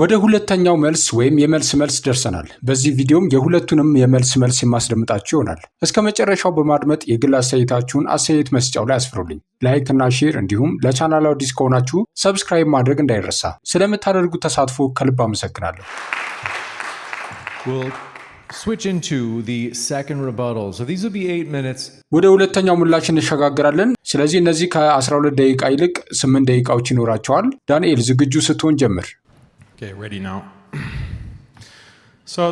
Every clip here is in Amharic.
ወደ ሁለተኛው መልስ ወይም የመልስ መልስ ደርሰናል። በዚህ ቪዲዮም የሁለቱንም የመልስ መልስ የማስደምጣችሁ ይሆናል። እስከ መጨረሻው በማድመጥ የግል አስተያየታችሁን አስተያየት መስጫው ላይ አስፍሩልኝ። ላይክ እና ሼር እንዲሁም ለቻናል አዲስ ከሆናችሁ ሰብስክራይብ ማድረግ እንዳይረሳ። ስለምታደርጉት ተሳትፎ ከልብ አመሰግናለሁ። ወደ ሁለተኛው ምላሽ እንሸጋግራለን። ስለዚህ እነዚህ ከ12 ደቂቃ ይልቅ 8 ደቂቃዎች ይኖራቸዋል። ዳንኤል ዝግጁ ስትሆን ጀምር። Okay, ready now. So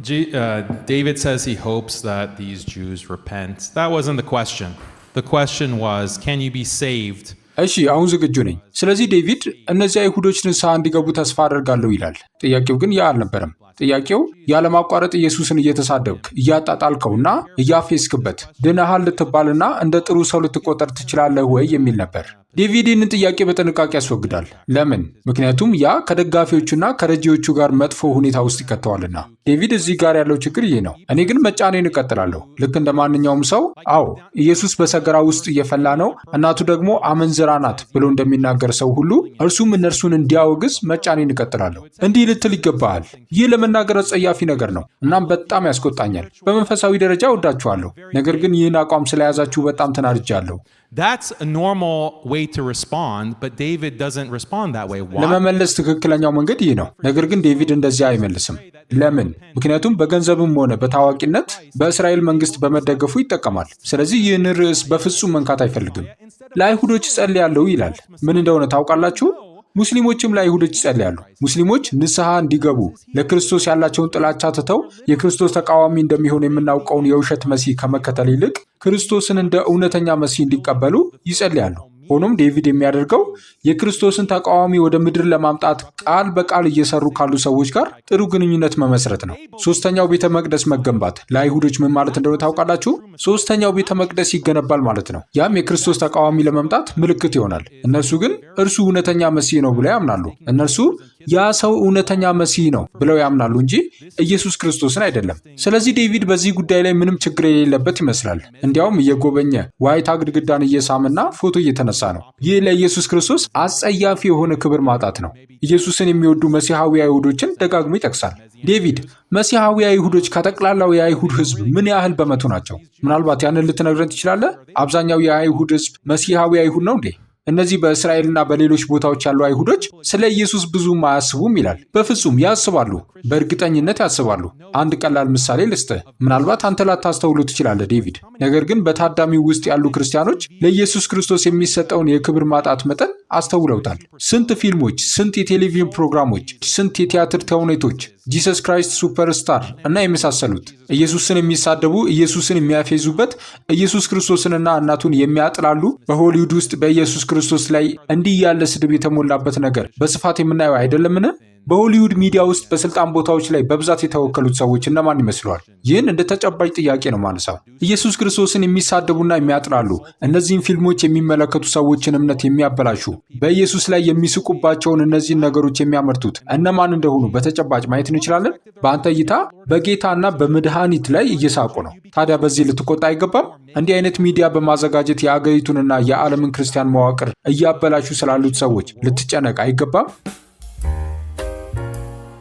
G, uh, David says he hopes that these Jews repent. That wasn't the question. The question was, can you be saved? እሺ አሁን ዝግጁ ነኝ። ስለዚህ ዴቪድ እነዚያ አይሁዶች ንስሐ እንዲገቡ ተስፋ አደርጋለሁ ይላል። ጥያቄው ግን ያ አልነበረም። ጥያቄው ያለማቋረጥ ኢየሱስን እየተሳደብክ እያጣጣልከውና እያፌስክበት ድነሃል ልትባልና እንደ ጥሩ ሰው ልትቆጠር ትችላለህ ወይ የሚል ነበር። ዲቪዲንን ጥያቄ በጥንቃቄ ያስወግዳል። ለምን? ምክንያቱም ያ ከደጋፊዎቹና ከረጂዎቹ ጋር መጥፎ ሁኔታ ውስጥ ይከተዋልና። ዴቪድ እዚህ ጋር ያለው ችግር ይህ ነው። እኔ ግን መጫኔን እቀጥላለሁ፣ ልክ እንደ ማንኛውም ሰው። አዎ ኢየሱስ በሰገራ ውስጥ እየፈላ ነው፣ እናቱ ደግሞ አመንዝራ ናት ብሎ እንደሚናገር ሰው ሁሉ እርሱም እነርሱን እንዲያወግዝ መጫኔን እቀጥላለሁ። እንዲህ ልትል ይገባሃል። ይህ ለመናገር አጸያፊ ነገር ነው፣ እናም በጣም ያስቆጣኛል። በመንፈሳዊ ደረጃ እወዳችኋለሁ፣ ነገር ግን ይህን አቋም ስለያዛችሁ በጣም ተናድጃለሁ። That's a normal way to respond, but David doesn't respond that way. Why? ለመመለስ ትክክለኛው መንገድ ይህ ነው። ነገር ግን ዴቪድ እንደዚያ አይመልስም። ለምን? ምክንያቱም በገንዘብም ሆነ በታዋቂነት በእስራኤል መንግስት በመደገፉ ይጠቀማል። ስለዚህ ይህን ርዕስ በፍጹም መንካት አይፈልግም። ለአይሁዶች ጸልያለሁ ይላል። ምን እንደሆነ ታውቃላችሁ? ሙስሊሞችም ላይ ይጸልያሉ። ሙስሊሞች ንስሐ እንዲገቡ ለክርስቶስ ያላቸውን ጥላቻ ትተው የክርስቶስ ተቃዋሚ እንደሚሆን የምናውቀውን የውሸት መሲህ ከመከተል ይልቅ ክርስቶስን እንደ እውነተኛ መሲህ እንዲቀበሉ ይጸልያሉ። ሆኖም ዴቪድ የሚያደርገው የክርስቶስን ተቃዋሚ ወደ ምድር ለማምጣት ቃል በቃል እየሰሩ ካሉ ሰዎች ጋር ጥሩ ግንኙነት መመስረት ነው። ሶስተኛው ቤተ መቅደስ መገንባት ለአይሁዶች ምን ማለት እንደሆነ ታውቃላችሁ? ሶስተኛው ቤተ መቅደስ ይገነባል ማለት ነው። ያም የክርስቶስ ተቃዋሚ ለመምጣት ምልክት ይሆናል። እነርሱ ግን እርሱ እውነተኛ መሲህ ነው ብለው ያምናሉ። እነርሱ ያ ሰው እውነተኛ መሲህ ነው ብለው ያምናሉ እንጂ ኢየሱስ ክርስቶስን አይደለም። ስለዚህ ዴቪድ በዚህ ጉዳይ ላይ ምንም ችግር የሌለበት ይመስላል። እንዲያውም እየጎበኘ ዋይታ ግድግዳን እየሳምና ፎቶ እየተነሳ የተነሳ ነው። ይህ ለኢየሱስ ክርስቶስ አጸያፊ የሆነ ክብር ማጣት ነው። ኢየሱስን የሚወዱ መሲሐዊ አይሁዶችን ደጋግሞ ይጠቅሳል። ዴቪድ መሲሐዊ አይሁዶች ከጠቅላላው የአይሁድ ሕዝብ ምን ያህል በመቶ ናቸው? ምናልባት ያንን ልትነግረን ትችላለህ? አብዛኛው የአይሁድ ሕዝብ መሲሐዊ አይሁድ ነው እንዴ? እነዚህ በእስራኤልና በሌሎች ቦታዎች ያሉ አይሁዶች ስለ ኢየሱስ ብዙም አያስቡም ይላል። በፍጹም ያስባሉ፣ በእርግጠኝነት ያስባሉ። አንድ ቀላል ምሳሌ ልስጥህ። ምናልባት አንተ ላታስተውሉ ትችላለህ ዴቪድ፣ ነገር ግን በታዳሚው ውስጥ ያሉ ክርስቲያኖች ለኢየሱስ ክርስቶስ የሚሰጠውን የክብር ማጣት መጠን አስተውለውታል። ስንት ፊልሞች፣ ስንት የቴሌቪዥን ፕሮግራሞች፣ ስንት የቲያትር ተውኔቶች ጂሰስ ክራይስት ሱፐርስታር እና የመሳሰሉት ኢየሱስን የሚሳደቡ ኢየሱስን የሚያፌዙበት ኢየሱስ ክርስቶስንና እናቱን የሚያጥላሉ በሆሊውድ ውስጥ በኢየሱስ ክርስቶስ ላይ እንዲህ ያለ ስድብ የተሞላበት ነገር በስፋት የምናየው አይደለምን? በሆሊውድ ሚዲያ ውስጥ በስልጣን ቦታዎች ላይ በብዛት የተወከሉት ሰዎች እነማን ይመስለዋል? ይህን እንደ ተጨባጭ ጥያቄ ነው ማነሳው። ኢየሱስ ክርስቶስን የሚሳደቡና የሚያጥላሉ እነዚህን ፊልሞች የሚመለከቱ ሰዎችን እምነት የሚያበላሹ በኢየሱስ ላይ የሚስቁባቸውን እነዚህን ነገሮች የሚያመርቱት እነማን እንደሆኑ በተጨባጭ ማየት እንችላለን? በአንተ እይታ በጌታና በመድኃኒት ላይ እየሳቁ ነው። ታዲያ በዚህ ልትቆጣ አይገባም? እንዲህ አይነት ሚዲያ በማዘጋጀት የአገሪቱንና የዓለምን ክርስቲያን መዋቅር እያበላሹ ስላሉት ሰዎች ልትጨነቅ አይገባም?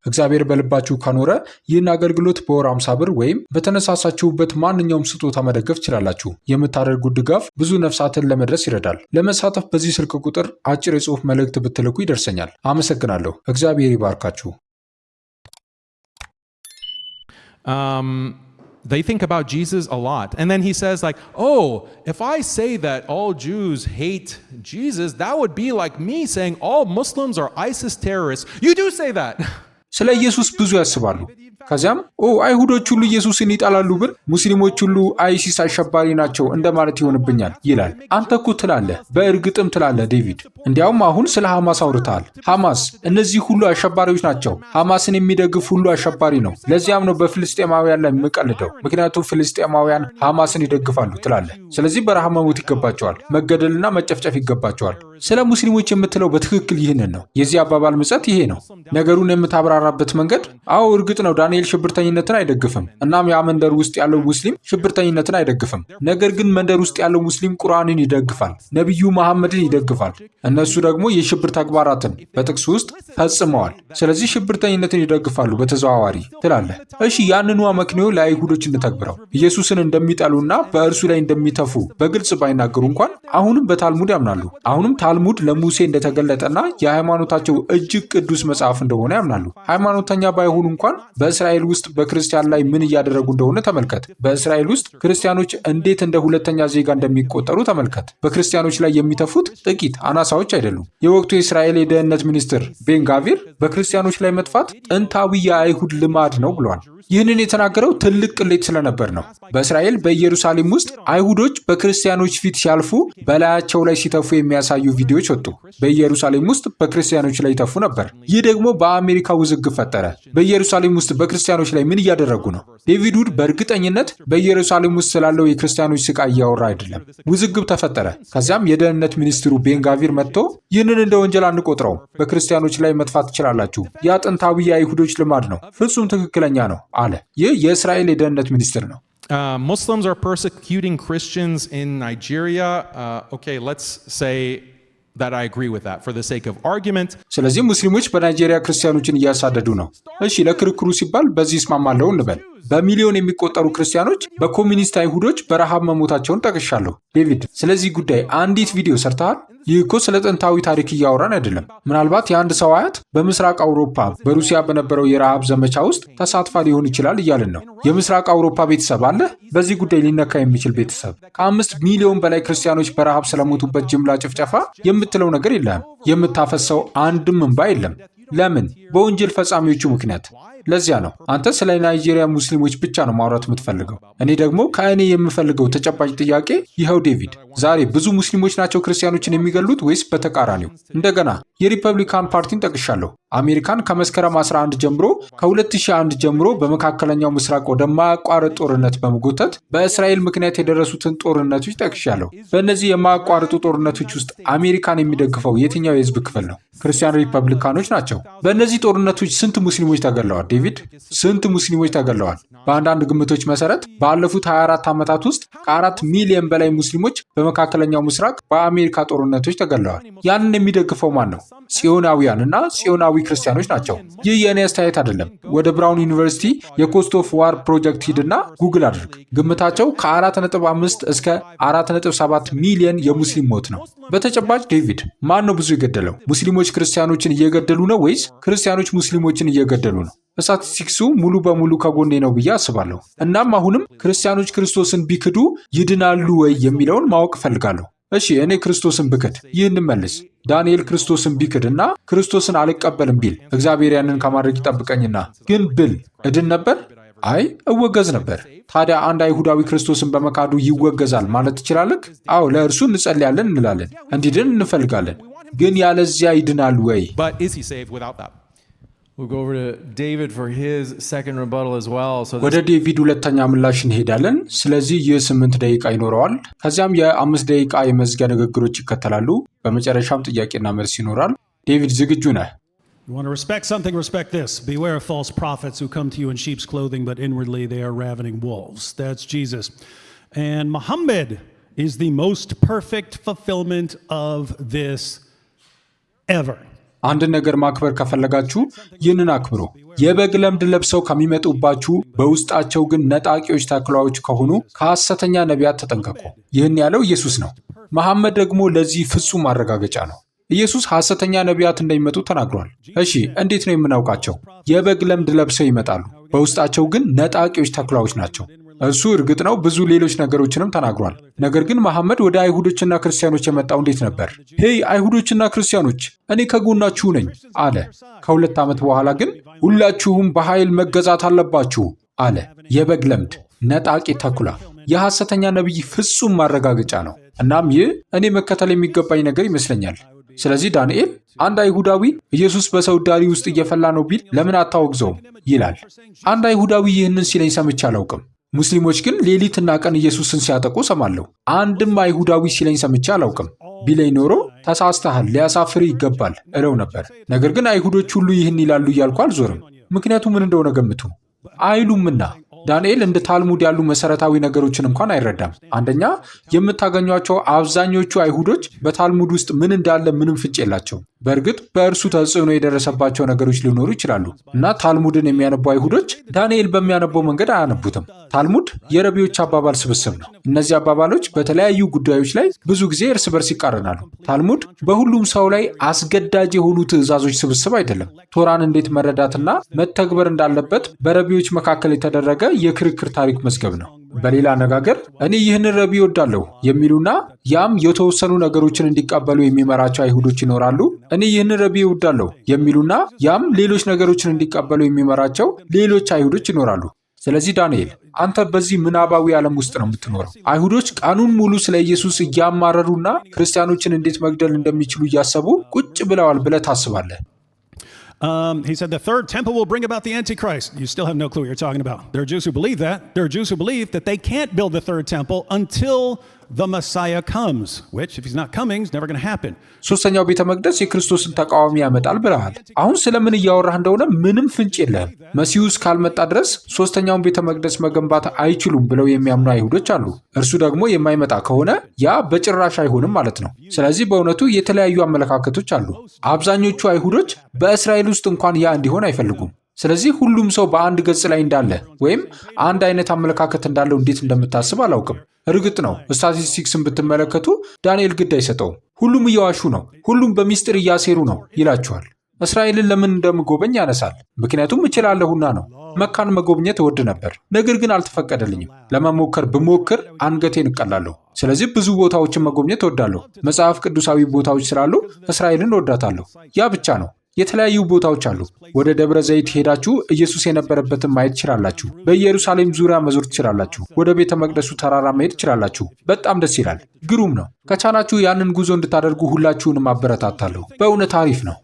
እግዚአብሔር በልባችሁ ከኖረ ይህን አገልግሎት በወር አምሳ ብር ወይም በተነሳሳችሁበት ማንኛውም ስጦታ መደገፍ ትችላላችሁ። የምታደርጉት ድጋፍ ብዙ ነፍሳትን ለመድረስ ይረዳል። ለመሳተፍ በዚህ ስልክ ቁጥር አጭር የጽሑፍ መልእክት ብትልኩ ይደርሰኛል። አመሰግናለሁ። እግዚአብሔር ይባርካችሁ። um, they think about Jesus a lot. And then he says, like, oh, if I say that all Jews hate Jesus, that would be like me saying all Muslims are ISIS terrorists. You do say that. ስለ ኢየሱስ ብዙ ያስባሉ ከዚያም ኦ አይሁዶች ሁሉ ኢየሱስን ይጠላሉ ብል ሙስሊሞች ሁሉ አይሲስ አሸባሪ ናቸው እንደማለት ይሆንብኛል ይላል። አንተ እኮ ትላለህ፣ በእርግጥም ትላለህ ዴቪድ። እንዲያውም አሁን ስለ ሐማስ አውርተሃል። ሐማስ እነዚህ ሁሉ አሸባሪዎች ናቸው፣ ሐማስን የሚደግፍ ሁሉ አሸባሪ ነው። ለዚያም ነው በፍልስጤማውያን ላይ የምቀልደው፣ ምክንያቱም ፍልስጤማውያን ሐማስን ይደግፋሉ ትላለህ። ስለዚህ በረሃ መሞት ይገባቸዋል፣ መገደልና መጨፍጨፍ ይገባቸዋል። ስለ ሙስሊሞች የምትለው በትክክል ይህንን ነው። የዚህ አባባል ምጸት ይሄ ነው። ነገሩን የምታብራራበት መንገድ አዎ እርግጥ ነው ዳንኤል ሽብርተኝነትን አይደግፍም። እናም ያ መንደር ውስጥ ያለው ሙስሊም ሽብርተኝነትን አይደግፍም። ነገር ግን መንደር ውስጥ ያለው ሙስሊም ቁርአንን ይደግፋል፣ ነቢዩ መሐመድን ይደግፋል። እነሱ ደግሞ የሽብር ተግባራትን በጥቅስ ውስጥ ፈጽመዋል። ስለዚህ ሽብርተኝነትን ይደግፋሉ በተዘዋዋሪ ትላለህ። እሺ ያንኑ አመክንዮ ለአይሁዶች እንተግብረው። ኢየሱስን እንደሚጠሉና በእርሱ ላይ እንደሚተፉ በግልጽ ባይናገሩ እንኳን አሁንም በታልሙድ ያምናሉ። አሁንም ታልሙድ ለሙሴ እንደተገለጠና የሃይማኖታቸው እጅግ ቅዱስ መጽሐፍ እንደሆነ ያምናሉ። ሃይማኖተኛ ባይሆኑ እንኳን በእስራኤል ውስጥ በክርስቲያን ላይ ምን እያደረጉ እንደሆነ ተመልከት። በእስራኤል ውስጥ ክርስቲያኖች እንዴት እንደ ሁለተኛ ዜጋ እንደሚቆጠሩ ተመልከት። በክርስቲያኖች ላይ የሚተፉት ጥቂት አናሳዎች አይደሉም። የወቅቱ የእስራኤል የደህንነት ሚኒስትር ቤንጋቪር በክርስቲያኖች ላይ መጥፋት ጥንታዊ የአይሁድ ልማድ ነው ብሏል። ይህንን የተናገረው ትልቅ ቅሌት ስለነበር ነው። በእስራኤል በኢየሩሳሌም ውስጥ አይሁዶች በክርስቲያኖች ፊት ሲያልፉ በላያቸው ላይ ሲተፉ የሚያሳዩ ቪዲዮዎች ወጡ። በኢየሩሳሌም ውስጥ በክርስቲያኖች ላይ ይተፉ ነበር። ይህ ደግሞ በአሜሪካ ውዝግብ ፈጠረ። በኢየሩሳሌም ውስጥ በክርስቲያኖች ላይ ምን እያደረጉ ነው? ዴቪድ ውድ በእርግጠኝነት በኢየሩሳሌም ውስጥ ስላለው የክርስቲያኖች ስቃይ እያወራ አይደለም። ውዝግብ ተፈጠረ። ከዚያም የደህንነት ሚኒስትሩ ቤንጋቪር መጥቶ ይህንን እንደ ወንጀል አንቆጥረውም፣ በክርስቲያኖች ላይ መጥፋት ትችላላችሁ፣ ያ ጥንታዊ የአይሁዶች ልማድ ነው፣ ፍጹም ትክክለኛ ነው አለ። ይህ የእስራኤል የደህንነት ሚኒስትር ነው። ሙስሊምስ አር ፐርሰኪዩቲንግ ክርስቲያንስ ኢን ናይጄሪያ ኦኬ ሌትስ ሴይ ስለዚህ ሙስሊሞች በናይጄሪያ ክርስቲያኖችን እያሳደዱ ነው። እሺ ለክርክሩ ሲባል በዚህ እስማማለሁ እንበል። በሚሊዮን የሚቆጠሩ ክርስቲያኖች በኮሚኒስት አይሁዶች በረሃብ መሞታቸውን ጠቅሻለሁ። ዴቪድ፣ ስለዚህ ጉዳይ አንዲት ቪዲዮ ሰርተሃል? ይህ እኮ ስለ ጥንታዊ ታሪክ እያወራን አይደለም። ምናልባት የአንድ ሰው አያት በምስራቅ አውሮፓ በሩሲያ በነበረው የረሃብ ዘመቻ ውስጥ ተሳትፋ ሊሆን ይችላል እያልን ነው። የምስራቅ አውሮፓ ቤተሰብ አለ? በዚህ ጉዳይ ሊነካ የሚችል ቤተሰብ ከአምስት ሚሊዮን በላይ ክርስቲያኖች በረሃብ ስለሞቱበት ጅምላ ጭፍጨፋ የምትለው ነገር የለም። የምታፈሰው አንድም እንባ የለም። ለምን? በወንጀል ፈጻሚዎቹ ምክንያት ለዚያ ነው አንተ ስለ ናይጄሪያ ሙስሊሞች ብቻ ነው ማውራት የምትፈልገው። እኔ ደግሞ ከእኔ የምፈልገው ተጨባጭ ጥያቄ ይኸው ዴቪድ፣ ዛሬ ብዙ ሙስሊሞች ናቸው ክርስቲያኖችን የሚገሉት ወይስ በተቃራኒው? እንደገና የሪፐብሊካን ፓርቲን ጠቅሻለሁ። አሜሪካን ከመስከረም 11 ጀምሮ ከ2001 ጀምሮ በመካከለኛው ምስራቅ ወደማያቋርጥ ጦርነት በመጎተት በእስራኤል ምክንያት የደረሱትን ጦርነቶች ጠቅሻለሁ። በእነዚህ የማያቋርጡ ጦርነቶች ውስጥ አሜሪካን የሚደግፈው የትኛው የህዝብ ክፍል ነው? ክርስቲያን ሪፐብሊካኖች ናቸው። በእነዚህ ጦርነቶች ስንት ሙስሊሞች ተገለዋል? ዴቪድ፣ ስንት ሙስሊሞች ተገለዋል? በአንዳንድ ግምቶች መሰረት ባለፉት 24 ዓመታት ውስጥ ከአራት ሚሊዮን በላይ ሙስሊሞች በመካከለኛው ምስራቅ በአሜሪካ ጦርነቶች ተገለዋል። ያንን የሚደግፈው ማን ነው? ጽዮናውያን እና ጽዮናዊ ክርስቲያኖች ናቸው። ይህ የእኔ አስተያየት አይደለም። ወደ ብራውን ዩኒቨርሲቲ የኮስት ኦፍ ዋር ፕሮጀክት ሂድና ጉግል አድርግ። ግምታቸው ከ4.5 እስከ 4.7 ሚሊየን የሙስሊም ሞት ነው። በተጨባጭ ዴቪድ፣ ማን ነው ብዙ የገደለው? ሙስሊሞች ክርስቲያኖችን እየገደሉ ነው ወይስ ክርስቲያኖች ሙስሊሞችን እየገደሉ ነው? ስታቲስቲክሱ ሙሉ በሙሉ ከጎኔ ነው ብዬ አስባለሁ። እናም አሁንም ክርስቲያኖች ክርስቶስን ቢክዱ ይድናሉ ወይ የሚለውን ማወቅ እፈልጋለሁ። እሺ፣ እኔ ክርስቶስን ብክድ ይህን መልስ ዳንኤል ክርስቶስን ቢክድና ክርስቶስን አልቀበልም ቢል እግዚአብሔር ያንን ከማድረግ ይጠብቀኝና ግን ብል እድን ነበር? አይ እወገዝ ነበር። ታዲያ አንድ አይሁዳዊ ክርስቶስን በመካዱ ይወገዛል ማለት ትችላለህ? አዎ ለእርሱ እንጸልያለን እንላለን፣ እንዲድን እንፈልጋለን። ግን ያለዚያ ይድናል ወይ? We'll go over to David for his second rebuttal as well. So ወደ ዴቪድ ሁለተኛ ምላሽ እንሄዳለን። ስለዚህ ይህ ስምንት ደቂቃ ይኖረዋል። ከዚያም የአምስት ደቂቃ የመዝጊያ ንግግሮች ይከተላሉ። በመጨረሻም ጥያቄና መልስ ይኖራል። ዴቪድ ዝግጁ ነህ? You want to respect something, respect this. Beware of false prophets who come to you in sheep's clothing, but inwardly they are ravening wolves. That's Jesus. And Muhammad is the most perfect fulfillment of this ever. አንድን ነገር ማክበር ከፈለጋችሁ ይህንን አክብሩ። የበግ ለምድ ለብሰው ከሚመጡባችሁ በውስጣቸው ግን ነጣቂዎች ተኩላዎች ከሆኑ ከሐሰተኛ ነቢያት ተጠንቀቁ። ይህን ያለው ኢየሱስ ነው። መሐመድ ደግሞ ለዚህ ፍጹም ማረጋገጫ ነው። ኢየሱስ ሐሰተኛ ነቢያት እንደሚመጡ ተናግሯል። እሺ፣ እንዴት ነው የምናውቃቸው? የበግ ለምድ ለብሰው ይመጣሉ፣ በውስጣቸው ግን ነጣቂዎች ተኩላዎች ናቸው። እሱ እርግጥ ነው ብዙ ሌሎች ነገሮችንም ተናግሯል። ነገር ግን መሐመድ ወደ አይሁዶችና ክርስቲያኖች የመጣው እንዴት ነበር? ሄይ አይሁዶችና ክርስቲያኖች እኔ ከጎናችሁ ነኝ አለ። ከሁለት ዓመት በኋላ ግን ሁላችሁም በኃይል መገዛት አለባችሁ አለ። የበግ ለምድ፣ ነጣቂ ተኩላ፣ የሐሰተኛ ነቢይ ፍጹም ማረጋገጫ ነው። እናም ይህ እኔ መከተል የሚገባኝ ነገር ይመስለኛል። ስለዚህ ዳንኤል አንድ አይሁዳዊ ኢየሱስ በሰው ዳሪ ውስጥ እየፈላ ነው ቢል ለምን አታወግዘውም? ይላል። አንድ አይሁዳዊ ይህንን ሲለኝ ሰምቼ አላውቅም። ሙስሊሞች ግን ሌሊትና ቀን ኢየሱስን ሲያጠቁ ሰማለሁ። አንድም አይሁዳዊ ሲለኝ ሰምቼ አላውቅም። ቢለኝ ኖሮ ተሳስተሃል፣ ሊያሳፍር ይገባል እለው ነበር። ነገር ግን አይሁዶች ሁሉ ይህን ይላሉ እያልኩ አልዞርም። ምክንያቱ ምን እንደሆነ ገምቱ። አይሉምና። ዳንኤል እንደ ታልሙድ ያሉ መሰረታዊ ነገሮችን እንኳን አይረዳም። አንደኛ የምታገኟቸው አብዛኞቹ አይሁዶች በታልሙድ ውስጥ ምን እንዳለ ምንም ፍንጭ የላቸውም። በእርግጥ በእርሱ ተጽዕኖ የደረሰባቸው ነገሮች ሊኖሩ ይችላሉ እና ታልሙድን የሚያነቡ አይሁዶች ዳንኤል በሚያነበው መንገድ አያነቡትም። ታልሙድ የረቢዎች አባባል ስብስብ ነው። እነዚህ አባባሎች በተለያዩ ጉዳዮች ላይ ብዙ ጊዜ እርስ በርስ ይቃረናሉ። ታልሙድ በሁሉም ሰው ላይ አስገዳጅ የሆኑ ትዕዛዞች ስብስብ አይደለም። ቶራን እንዴት መረዳትና መተግበር እንዳለበት በረቢዎች መካከል የተደረገ የክርክር ታሪክ መዝገብ ነው። በሌላ አነጋገር እኔ ይህንን ረቢ ወዳለሁ የሚሉና ያም የተወሰኑ ነገሮችን እንዲቀበሉ የሚመራቸው አይሁዶች ይኖራሉ። እኔ ይህንን ረቢ ይወዳለሁ የሚሉና ያም ሌሎች ነገሮችን እንዲቀበሉ የሚመራቸው ሌሎች አይሁዶች ይኖራሉ። ስለዚህ ዳንኤል አንተ በዚህ ምናባዊ ዓለም ውስጥ ነው የምትኖረው። አይሁዶች ቀኑን ሙሉ ስለ ኢየሱስ እያማረሩና ክርስቲያኖችን እንዴት መግደል እንደሚችሉ እያሰቡ ቁጭ ብለዋል ብለህ ታስባለህ። Um, he said, The third temple will bring about the Antichrist. You still have no clue what you're talking about. There are Jews who believe that. There are Jews who believe that they can't build the third temple until ሶስተኛው ቤተ መቅደስ የክርስቶስን ተቃዋሚ ያመጣል ብለሃል። አሁን ስለምን እያወራህ እንደሆነ ምንም ፍንጭ የለህም። መሲሁ እስካልመጣ ድረስ ሶስተኛውን ቤተ መቅደስ መገንባት አይችሉም ብለው የሚያምኑ አይሁዶች አሉ። እርሱ ደግሞ የማይመጣ ከሆነ ያ በጭራሽ አይሆንም ማለት ነው። ስለዚህ በእውነቱ የተለያዩ አመለካከቶች አሉ። አብዛኞቹ አይሁዶች በእስራኤል ውስጥ እንኳን ያ እንዲሆን አይፈልጉም። ስለዚህ ሁሉም ሰው በአንድ ገጽ ላይ እንዳለ ወይም አንድ አይነት አመለካከት እንዳለው እንዴት እንደምታስብ አላውቅም። እርግጥ ነው ስታቲስቲክስን ብትመለከቱ ዳንኤል ግድ አይሰጠውም። ሁሉም እየዋሹ ነው፣ ሁሉም በሚስጥር እያሴሩ ነው ይላችኋል። እስራኤልን ለምን እንደምጎበኝ ያነሳል። ምክንያቱም እችላለሁና ነው። መካን መጎብኘት እወድ ነበር፣ ነገር ግን አልተፈቀደልኝም። ለመሞከር ብሞክር አንገቴን እቀላለሁ። ስለዚህ ብዙ ቦታዎችን መጎብኘት እወዳለሁ። መጽሐፍ ቅዱሳዊ ቦታዎች ስላሉ እስራኤልን እወዳታለሁ። ያ ብቻ ነው። የተለያዩ ቦታዎች አሉ። ወደ ደብረ ዘይት ሄዳችሁ ኢየሱስ የነበረበትን ማየት ትችላላችሁ። በኢየሩሳሌም ዙሪያ መዞር ትችላላችሁ። ወደ ቤተ መቅደሱ ተራራ መሄድ ትችላላችሁ። በጣም ደስ ይላል። ግሩም ነው። ከቻናችሁ ያንን ጉዞ እንድታደርጉ ሁላችሁንም አበረታታለሁ። በእውነት አሪፍ ነው።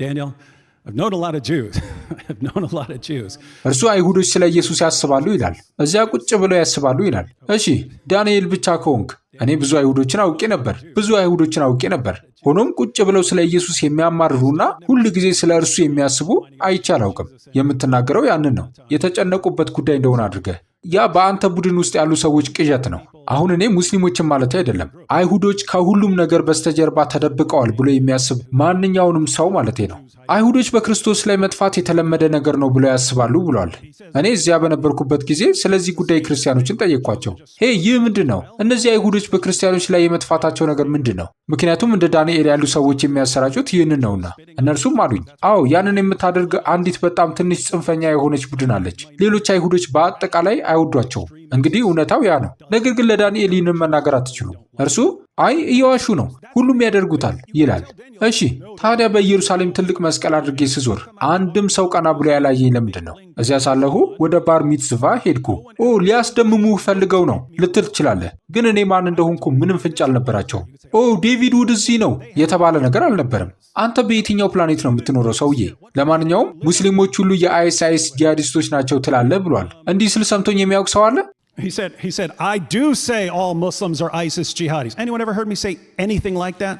ዳንኤል um, እርሱ አይሁዶች ስለ ኢየሱስ ያስባሉ ይላል። እዚያ ቁጭ ብለው ያስባሉ ይላል። እሺ ዳንኤል ብቻ ከሆንክ እኔ ብዙ አይሁዶችን አውቄ ነበር ብዙ አይሁዶችን አውቄ ነበር። ሆኖም ቁጭ ብለው ስለ ኢየሱስ የሚያማርሩና ሁል ጊዜ ስለ እርሱ የሚያስቡ አይቼ አላውቅም። የምትናገረው ያንን ነው፣ የተጨነቁበት ጉዳይ እንደሆነ አድርገህ። ያ በአንተ ቡድን ውስጥ ያሉ ሰዎች ቅዠት ነው። አሁን እኔ ሙስሊሞችን ማለት አይደለም፣ አይሁዶች ከሁሉም ነገር በስተጀርባ ተደብቀዋል ብሎ የሚያስብ ማንኛውንም ሰው ማለቴ ነው። አይሁዶች በክርስቶስ ላይ መጥፋት የተለመደ ነገር ነው ብለው ያስባሉ ብሏል። እኔ እዚያ በነበርኩበት ጊዜ ስለዚህ ጉዳይ ክርስቲያኖችን ጠየቅኳቸው። ሄ ይህ ምንድን ነው? እነዚህ አይሁዶች በክርስቲያኖች ላይ የመጥፋታቸው ነገር ምንድን ነው? ምክንያቱም እንደ ዳንኤል ያሉ ሰዎች የሚያሰራጩት ይህንን ነውና። እነርሱም አሉኝ፣ አዎ ያንን የምታደርግ አንዲት በጣም ትንሽ ጽንፈኛ የሆነች ቡድን አለች። ሌሎች አይሁዶች በአጠቃላይ አይወዷቸውም። እንግዲህ እውነታው ያ ነው። ነገር ግን ለዳንኤል ይህንን መናገር አትችሉም። እርሱ አይ እየዋሹ ነው፣ ሁሉም ያደርጉታል ይላል። እሺ ታዲያ በኢየሩሳሌም ትልቅ መስቀል አድርጌ ስዞር አንድም ሰው ቀና ብሎ ያላየኝ ለምንድን ነው? እዚያ ሳለሁ ወደ ባር ሚትዝቫ ሄድኩ። ኦ ሊያስደምሙ ፈልገው ነው ልትል ትችላለህ፣ ግን እኔ ማን እንደሆንኩ ምንም ፍንጭ አልነበራቸውም። ኦ ዴቪድ ውድ እዚህ ነው የተባለ ነገር አልነበረም። አንተ በየትኛው ፕላኔት ነው የምትኖረው ሰውዬ? ለማንኛውም ሙስሊሞች ሁሉ የአይስ አይስ ጂሃዲስቶች ናቸው ትላለህ ብሏል። እንዲህ ስል ሰምቶኝ የሚያውቅ ሰው አለ? He said, he said, I do say all Muslims are ISIS jihadis. Anyone ever heard me say anything like that?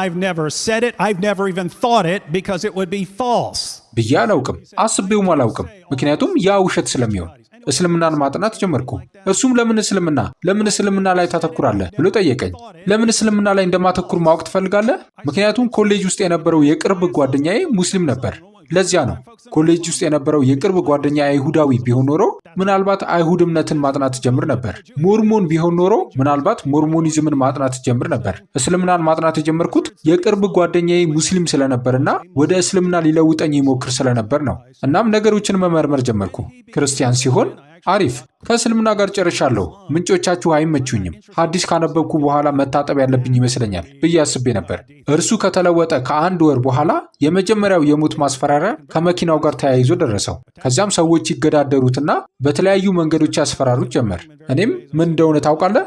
I've never said it. I've never even thought it because it would be false. ብዬ አላውቅም፣ አስቤውም አላውቅም። ምክንያቱም ያ ውሸት ስለሚሆን እስልምናን ማጥናት ጀመርኩ። እሱም ለምን እስልምና ለምን እስልምና ላይ ታተኩራለህ ብሎ ጠየቀኝ። ለምን እስልምና ላይ እንደማተኩር ማወቅ ትፈልጋለህ? ምክንያቱም ኮሌጅ ውስጥ የነበረው የቅርብ ጓደኛዬ ሙስሊም ነበር። ለዚያ ነው ኮሌጅ ውስጥ የነበረው የቅርብ ጓደኛ አይሁዳዊ ቢሆን ኖሮ ምናልባት አይሁድ እምነትን ማጥናት ጀምር ነበር። ሞርሞን ቢሆን ኖሮ ምናልባት ሞርሞኒዝምን ማጥናት ጀምር ነበር። እስልምናን ማጥናት የጀመርኩት የቅርብ ጓደኛዬ ሙስሊም ስለነበርና ወደ እስልምና ሊለውጠኝ ይሞክር ስለነበር ነው። እናም ነገሮችን መመርመር ጀመርኩ። ክርስቲያን ሲሆን አሪፍ ከእስልምና ጋር ጨርሻለሁ። ምንጮቻችሁ አይመቹኝም። ሐዲስ ካነበብኩ በኋላ መታጠብ ያለብኝ ይመስለኛል ብዬ አስቤ ነበር። እርሱ ከተለወጠ ከአንድ ወር በኋላ የመጀመሪያው የሞት ማስፈራሪያ ከመኪናው ጋር ተያይዞ ደረሰው። ከዚያም ሰዎች ይገዳደሩትና በተለያዩ መንገዶች ያስፈራሩት ጀመር። እኔም ምን እንደሆነ ታውቃለህ፣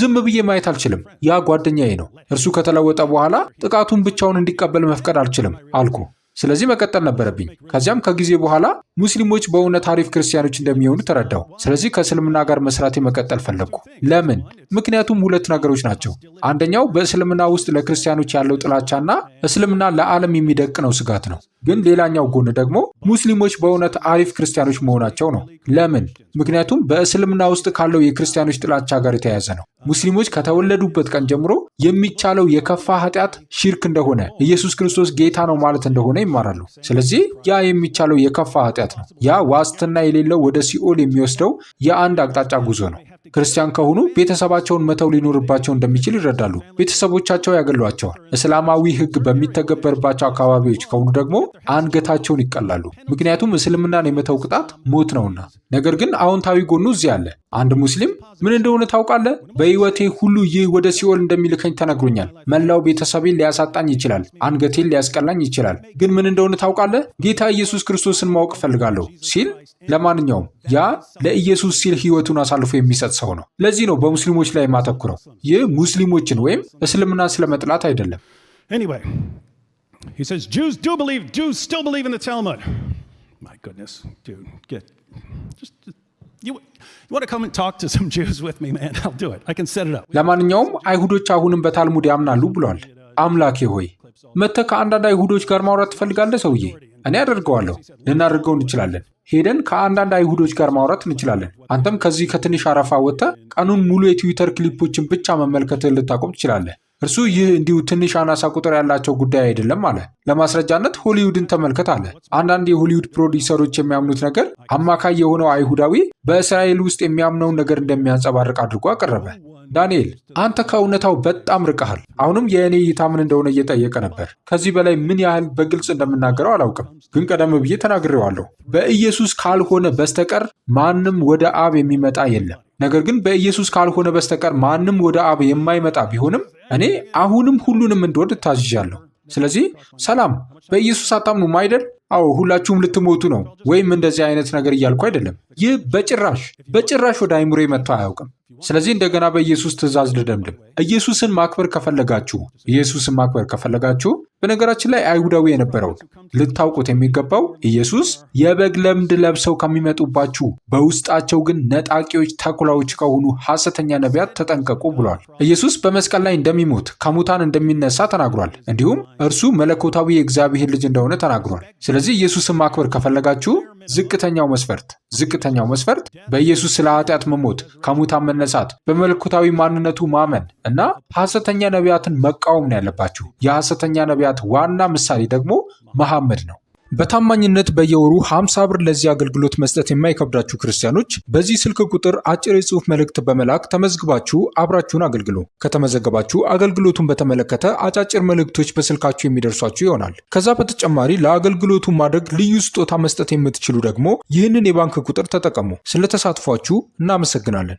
ዝም ብዬ ማየት አልችልም። ያ ጓደኛዬ ነው። እርሱ ከተለወጠ በኋላ ጥቃቱን ብቻውን እንዲቀበል መፍቀድ አልችልም አልኩ። ስለዚህ መቀጠል ነበረብኝ። ከዚያም ከጊዜ በኋላ ሙስሊሞች በእውነት አሪፍ ክርስቲያኖች እንደሚሆኑ ተረዳው ስለዚህ ከእስልምና ጋር መስራት መቀጠል ፈለግኩ። ለምን? ምክንያቱም ሁለት ነገሮች ናቸው። አንደኛው በእስልምና ውስጥ ለክርስቲያኖች ያለው ጥላቻና እስልምና ለዓለም የሚደቅነው ስጋት ነው። ግን ሌላኛው ጎን ደግሞ ሙስሊሞች በእውነት አሪፍ ክርስቲያኖች መሆናቸው ነው። ለምን? ምክንያቱም በእስልምና ውስጥ ካለው የክርስቲያኖች ጥላቻ ጋር የተያያዘ ነው። ሙስሊሞች ከተወለዱበት ቀን ጀምሮ የሚቻለው የከፋ ኃጢአት ሽርክ እንደሆነ፣ ኢየሱስ ክርስቶስ ጌታ ነው ማለት እንደሆነ ይማራሉ። ስለዚህ ያ የሚቻለው የከፋ ኃጢአት ኃጢአት ነው። ያ ዋስትና የሌለው ወደ ሲኦል የሚወስደው የአንድ አቅጣጫ ጉዞ ነው። ክርስቲያን ከሆኑ ቤተሰባቸውን መተው ሊኖርባቸው እንደሚችል ይረዳሉ። ቤተሰቦቻቸው ያገሏቸዋል። እስላማዊ ሕግ በሚተገበርባቸው አካባቢዎች ከሆኑ ደግሞ አንገታቸውን ይቀላሉ። ምክንያቱም እስልምናን የመተው ቅጣት ሞት ነውና። ነገር ግን አዎንታዊ ጎኑ እዚህ አለ። አንድ ሙስሊም ምን እንደሆነ ታውቃለህ? በሕይወቴ ሁሉ ይህ ወደ ሲኦል እንደሚልከኝ ተነግሮኛል። መላው ቤተሰቤን ሊያሳጣኝ ይችላል። አንገቴን ሊያስቀላኝ ይችላል። ግን ምን እንደሆነ ታውቃለህ? ጌታ ኢየሱስ ክርስቶስን ማወቅ እፈልጋለሁ ሲል ለማንኛውም ያ ለኢየሱስ ሲል ሕይወቱን አሳልፎ የሚሰጥ ሰው ነው። ለዚህ ነው በሙስሊሞች ላይ የማተኩረው። ይህ ሙስሊሞችን ወይም እስልምና ስለመጥላት አይደለም። ለማንኛውም አይሁዶች አሁንም በታልሙድ ያምናሉ ብሏል። አምላኬ ሆይ መተህ ከአንዳንድ አይሁዶች ጋር ማውራት ትፈልጋለህ? ሰውዬ እኔ አደርገዋለሁ። ልናደርገው እንችላለን። ሄደን ከአንዳንድ አይሁዶች ጋር ማውራት እንችላለን። አንተም ከዚህ ከትንሽ አረፋ ወጥተ ቀኑን ሙሉ የትዊተር ክሊፖችን ብቻ መመልከትህን ልታቆም ትችላለህ። እርሱ ይህ እንዲሁ ትንሽ አናሳ ቁጥር ያላቸው ጉዳይ አይደለም አለ። ለማስረጃነት ሆሊውድን ተመልከት አለ። አንዳንድ የሆሊውድ ፕሮዲውሰሮች የሚያምኑት ነገር አማካይ የሆነው አይሁዳዊ በእስራኤል ውስጥ የሚያምነውን ነገር እንደሚያንጸባርቅ አድርጎ አቀረበ። ዳንኤል አንተ ከእውነታው በጣም ርቀሃል። አሁንም የእኔ እይታ ምን እንደሆነ እየጠየቀ ነበር። ከዚህ በላይ ምን ያህል በግልጽ እንደምናገረው አላውቅም፣ ግን ቀደም ብዬ ተናግሬዋለሁ። በኢየሱስ ካልሆነ በስተቀር ማንም ወደ አብ የሚመጣ የለም። ነገር ግን በኢየሱስ ካልሆነ በስተቀር ማንም ወደ አብ የማይመጣ ቢሆንም እኔ አሁንም ሁሉንም እንደወድ ታዝዣለሁ። ስለዚህ ሰላም በኢየሱስ አታምኑም አይደል? አዎ ሁላችሁም ልትሞቱ ነው ወይም እንደዚህ አይነት ነገር እያልኩ አይደለም። ይህ በጭራሽ በጭራሽ ወደ አይምሮ መጥቶ አያውቅም። ስለዚህ እንደገና በኢየሱስ ትእዛዝ ልደምድም። ኢየሱስን ማክበር ከፈለጋችሁ ኢየሱስን ማክበር ከፈለጋችሁ በነገራችን ላይ አይሁዳዊ የነበረውን ልታውቁት የሚገባው ኢየሱስ የበግ ለምድ ለብሰው ከሚመጡባችሁ በውስጣቸው ግን ነጣቂዎች ተኩላዎች ከሆኑ ሐሰተኛ ነቢያት ተጠንቀቁ ብሏል። ኢየሱስ በመስቀል ላይ እንደሚሞት ከሙታን እንደሚነሳ ተናግሯል። እንዲሁም እርሱ መለኮታዊ የእግዚአብሔር የእግዚአብሔር ልጅ እንደሆነ ተናግሯል። ስለዚህ ኢየሱስን ማክበር ከፈለጋችሁ ዝቅተኛው መስፈርት ዝቅተኛው መስፈርት በኢየሱስ ስለ ኃጢአት መሞት፣ ከሙታን መነሳት፣ በመለኮታዊ ማንነቱ ማመን እና ሐሰተኛ ነቢያትን መቃወም ነው ያለባችሁ። የሐሰተኛ ነቢያት ዋና ምሳሌ ደግሞ መሐመድ ነው። በታማኝነት በየወሩ 50 ብር ለዚህ አገልግሎት መስጠት የማይከብዳችሁ ክርስቲያኖች በዚህ ስልክ ቁጥር አጭር የጽሑፍ መልእክት በመላክ ተመዝግባችሁ አብራችሁን አገልግሉ። ከተመዘገባችሁ አገልግሎቱን በተመለከተ አጫጭር መልእክቶች በስልካችሁ የሚደርሷችሁ ይሆናል። ከዛ በተጨማሪ ለአገልግሎቱ ማድረግ ልዩ ስጦታ መስጠት የምትችሉ ደግሞ ይህንን የባንክ ቁጥር ተጠቀሙ። ስለተሳትፏችሁ እናመሰግናለን።